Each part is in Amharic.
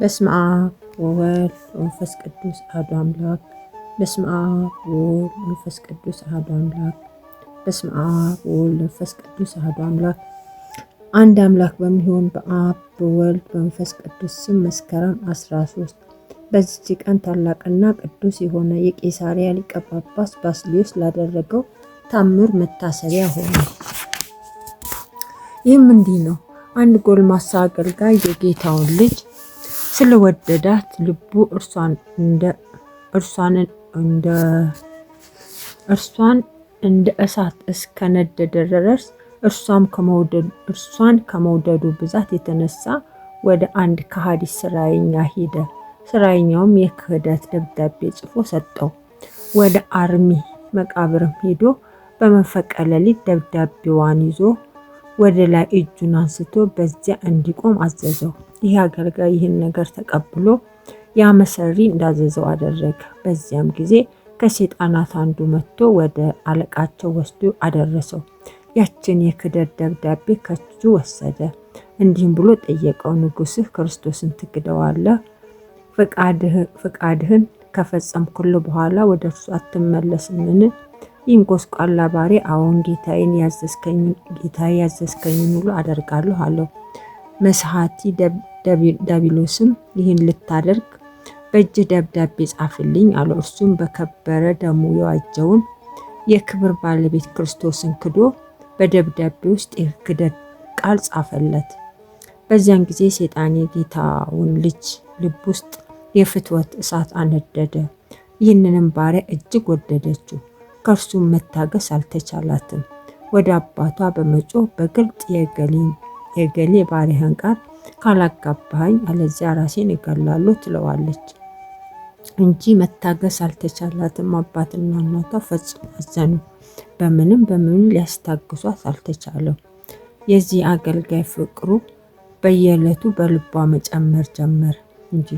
በስመ አብ ወወልድ ወመንፈስ ቅዱስ አሐዱ አምላክ። በስመ አብ ወወልድ ወመንፈስ ቅዱስ አሐዱ አምላክ። በስመ አብ ወወልድ ወመንፈስ ቅዱስ አሐዱ አምላክ። አንድ አምላክ በሚሆን በአብ በወልድ በመንፈስ ቅዱስ ስም መስከረም 13 በዚች ቀን ታላቅና ቅዱስ የሆነ የቄሳሪያ ሊቀ ጳጳስ ባስልዮስ ላደረገው ታምር መታሰቢያ ሆነ። ይህም እንዲህ ነው። አንድ ጎልማሳ አገልጋይ የጌታውን ልጅ ስለወደዳት ልቡ እርሷን እንደ እሳት እስከነደደ ድረስ እርሷን ከመውደዱ ብዛት የተነሳ ወደ አንድ ከሃዲ ስራየኛ ሄደ። ስራየኛውም የክህደት ደብዳቤ ጽፎ ሰጠው። ወደ አርሚ መቃብርም ሄዶ በመንፈቀ ሌሊት ደብዳቤዋን ይዞ ወደ ላይ እጁን አንስቶ በዚያ እንዲቆም አዘዘው። ይህ አገልጋይ ይህን ነገር ተቀብሎ ያ መሰሪ እንዳዘዘው አደረገ። በዚያም ጊዜ ከሴጣናት አንዱ መጥቶ ወደ አለቃቸው ወስዶ አደረሰው። ያችን የክደት ደብዳቤ ከእጁ ወሰደ። እንዲህም ብሎ ጠየቀው፣ ንጉስህ ክርስቶስን ትክደዋለህ? ፈቃድህን ከፈጸምኩልህ በኋላ ወደ እርሱ አትመለስምን? ይህም ጎስቋላ ባሪ አሁን ጌታዬን ያዘዝከኝን ሁሉ አደርጋለሁ አለው። መስሐቲ ዳቢሎስም ይህን ልታደርግ በእጅ ደብዳቤ ጻፍልኝ አለው። እርሱም በከበረ ደሙ የዋጀውን የክብር ባለቤት ክርስቶስን ክዶ በደብዳቤ ውስጥ የክደት ቃል ጻፈለት። በዚያን ጊዜ ሴጣን የጌታውን ልጅ ልብ ውስጥ የፍትወት እሳት አነደደ። ይህንንም ባሪያ እጅግ ወደደችው። ከርሱ መታገስ አልተቻላትም። ወደ አባቷ በመጮ በግልጥ የገሌ ባሪያህን ቃል ካላጋባኝ አለዚያ ራሴን እገላለሁ ትለዋለች እንጂ መታገስ አልተቻላትም። አባትና እናቷ ፈጽሞ አዘኑ። በምንም በምንም ሊያስታግሷት አልተቻለም። የዚህ አገልጋይ ፍቅሩ በየዕለቱ በልቧ መጨመር ጀመር እንጂ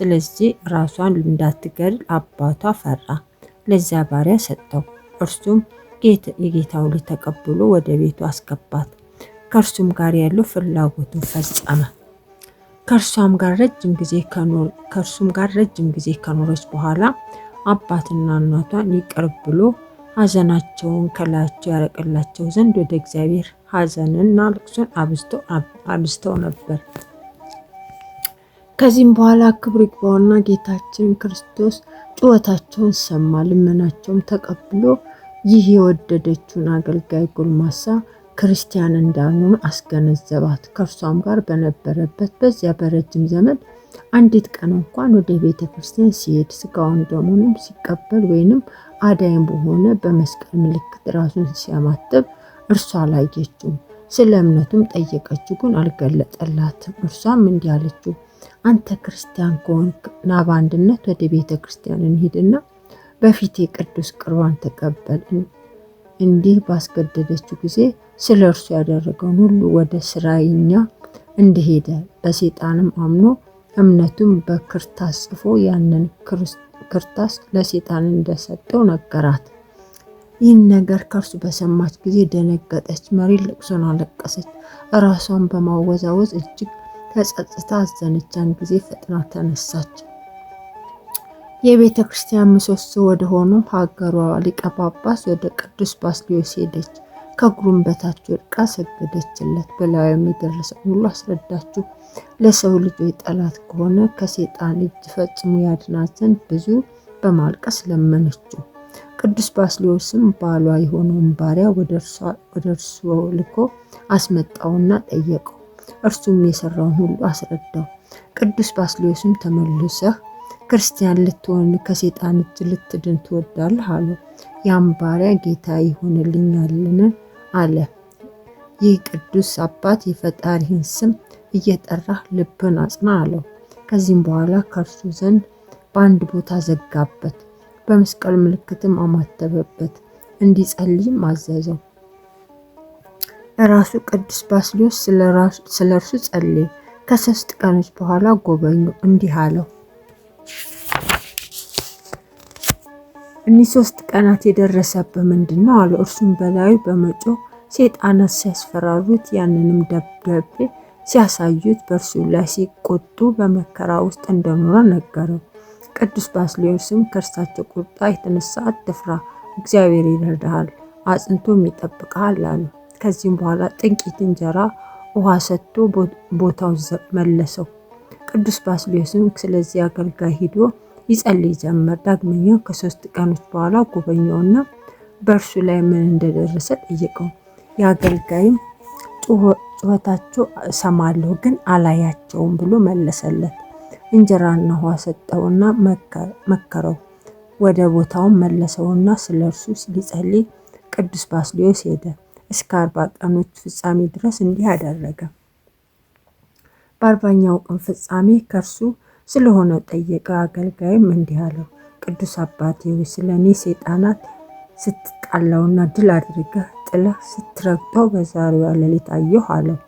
ስለዚህ ራሷን እንዳትገድል አባቷ ፈራ። ለዚያ ባሪያ ሰጠው። እርሱም የጌታው ልጅ ተቀብሎ ወደ ቤቱ አስገባት። ከእርሱም ጋር ያለው ፍላጎቱን ፈጸመ። ከእርሷም ጋር ረጅም ጊዜ ከእርሱም ጋር ረጅም ጊዜ ከኖረች በኋላ አባትና እናቷን ይቅርብ ብሎ ሐዘናቸውን ከላያቸው ያረቅላቸው ዘንድ ወደ እግዚአብሔር ሐዘንና ልቅሶን አብዝተው ነበር። ከዚህም በኋላ ክብር ይግባውና ጌታችን ክርስቶስ ጩኸታቸውን ሰማ፣ ልመናቸውም ተቀብሎ ይህ የወደደችውን አገልጋይ ጎልማሳ ክርስቲያን እንዳልሆኑ አስገነዘባት። ከእርሷም ጋር በነበረበት በዚያ በረጅም ዘመን አንዲት ቀን እንኳን ወደ ቤተ ክርስቲያን ሲሄድ ስጋውን ደሙንም ሲቀበል ወይንም አዳይም በሆነ በመስቀል ምልክት ራሱን ሲያማትብ እርሷ አላየችውም። ስለ እምነቱም ጠየቀችው፣ ግን አልገለጠላትም። እርሷም እንዲህ አለችው፣ አንተ ክርስቲያን ከሆንክ ና በአንድነት ወደ ቤተ ክርስቲያን እንሂድና በፊቴ ቅዱስ ቅርባን ተቀበል። እንዲህ ባስገደደችው ጊዜ ስለ እርሱ ያደረገውን ሁሉ ወደ ስራይኛ እንደሄደ በሴጣንም አምኖ እምነቱም በክርታስ ጽፎ ያንን ክርታስ ለሴጣን እንደሰጠው ነገራት። ይህን ነገር ከእርሱ በሰማች ጊዜ ደነገጠች። መሪ ልቅሶን አለቀሰች። ራሷን በማወዛወዝ እጅግ ተጸጽታ አዘነቻን ጊዜ ፈጥና ተነሳች። የቤተ ክርስቲያን ምሰሶ ወደ ሆኑ ሀገሯ ሊቀ ጳጳስ ወደ ቅዱስ ባስሊዮስ ሄደች። ከእግሩም በታች ወድቃ ሰገደችለት። በላዩም የደረሰውን ሁሉ አስረዳችሁ። ለሰው ልጆች ጠላት ከሆነ ከሴጣን እጅ ፈጽሞ ያድናት ዘንድ ብዙ በማልቀስ ለመነችው። ቅዱስ ባስሊዮስም ባሏ የሆነውን ባሪያ ወደ እርሱ ልኮ አስመጣውና ጠየቀው። እርሱም የሰራውን ሁሉ አስረዳው። ቅዱስ ባስሊዮስም ተመልሰህ ክርስቲያን ልትሆን ከሴጣን እጅ ልትድን ትወዳለህ አለው። ያም ባሪያ ጌታ ይሆንልኛልን አለ። ይህ ቅዱስ አባት የፈጣሪህን ስም እየጠራህ ልብን አጽና አለው። ከዚህም በኋላ ከእርሱ ዘንድ በአንድ ቦታ ዘጋበት። በመስቀል ምልክትም አማተበበት፣ እንዲጸልይም አዘዘው። ራሱ ቅዱስ ባስሊዮስ ስለ እርሱ ጸልይ ከሶስት ቀኖች በኋላ ጎበኙ፣ እንዲህ አለው። እኒህ ሶስት ቀናት የደረሰብህ ምንድን ነው አለው። እርሱም በላዩ በመጮ ሰይጣናት ሲያስፈራሩት፣ ያንንም ደብዳቤ ሲያሳዩት፣ በእርሱ ላይ ሲቆጡ በመከራ ውስጥ እንደኖረ ነገረው። ቅዱስ ባስልዮስም ከእርሳቸው ቁጣ የተነሳ አትፍራ፣ እግዚአብሔር ይረዳሃል፣ አጽንቶም ይጠብቅሃል አሉ። ከዚህም በኋላ ጥቂት እንጀራ ውሃ ሰጥቶ ቦታው መለሰው። ቅዱስ ባስልዮስም ስለዚህ አገልጋይ ሂዶ ይጸልይ ጀመር። ዳግመኛ ከሶስት ቀኖች በኋላ ጉበኛውና በእርሱ ላይ ምን እንደደረሰ ጠየቀው። የአገልጋይም ጩኸታቸው እሰማለሁ ግን አላያቸውም ብሎ መለሰለት። እንጀራና ውሃ ሰጠውና መከረው። ወደ ቦታውም መለሰውና ስለ እርሱ ሊጸልይ ቅዱስ ባስሊዮስ ሄደ። እስከ አርባ ቀኖች ፍጻሜ ድረስ እንዲህ አደረገ። በአርባኛው ቀን ፍጻሜ ከእርሱ ስለሆነ ጠየቀ። አገልጋይም እንዲህ አለው፣ ቅዱስ አባቴ ሆይ ስለ እኔ ሰይጣናት ስትጣላውና ድል አድርገህ ጥለህ ስትረግጠው በዛሬዋ ሌሊት አየሁ አለው።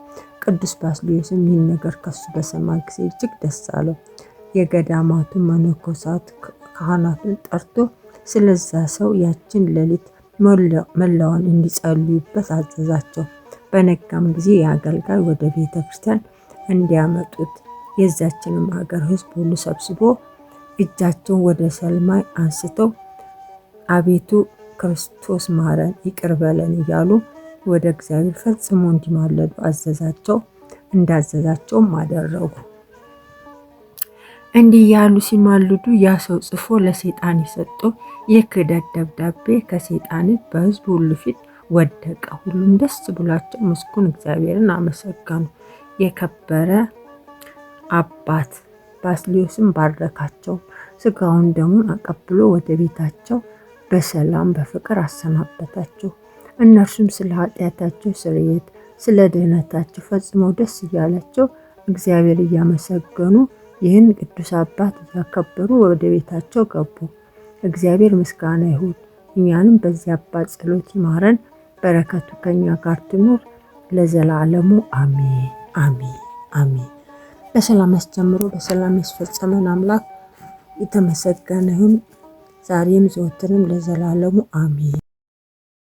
ቅዱስ ባስሊዮስም ይህን ነገር ከሱ በሰማ ጊዜ እጅግ ደስ አለው። የገዳማቱ መነኮሳት ካህናቱን ጠርቶ ስለዛ ሰው ያችን ሌሊት መላዋን እንዲጸልዩበት አዘዛቸው። በነጋም ጊዜ የአገልጋይ ወደ ቤተ ክርስቲያን እንዲያመጡት የዛችንም ሀገር ሕዝብ ሁሉ ሰብስቦ እጃቸውን ወደ ሰማይ አንስተው አቤቱ ክርስቶስ ማረን፣ ይቅር በለን እያሉ ወደ እግዚአብሔር ፈጽሞ እንዲማለዱ አዘዛቸው። እንዳዘዛቸውም አደረጉ። እንዲህ ያሉ ሲማልዱ ያ ሰው ጽፎ ለሰይጣን የሰጠው የክደት ደብዳቤ ከሰይጣን በሕዝብ ሁሉ ፊት ወደቀ። ሁሉም ደስ ብሏቸው ምስኩን እግዚአብሔርን አመሰገኑ። የከበረ አባት ባስሊዮስን ባረካቸው። ስጋውን ደሙን አቀብሎ ወደ ቤታቸው በሰላም በፍቅር አሰናበታቸው። እነርሱም ስለ ኃጢአታቸው ስርየት ስለ ድህነታቸው ፈጽመው ደስ እያላቸው እግዚአብሔር እያመሰገኑ ይህን ቅዱስ አባት እያከበሩ ወደ ቤታቸው ገቡ። እግዚአብሔር ምስጋና ይሁን፣ እኛንም በዚህ አባት ጸሎት ይማረን፣ በረከቱ ከኛ ጋር ትኑር ለዘላለሙ አሜን አሜን አሜን። በሰላም ያስጀምሮ በሰላም ያስፈጸመን አምላክ የተመሰገነ ይሁን፣ ዛሬም ዘወትርም ለዘላለሙ አሜን።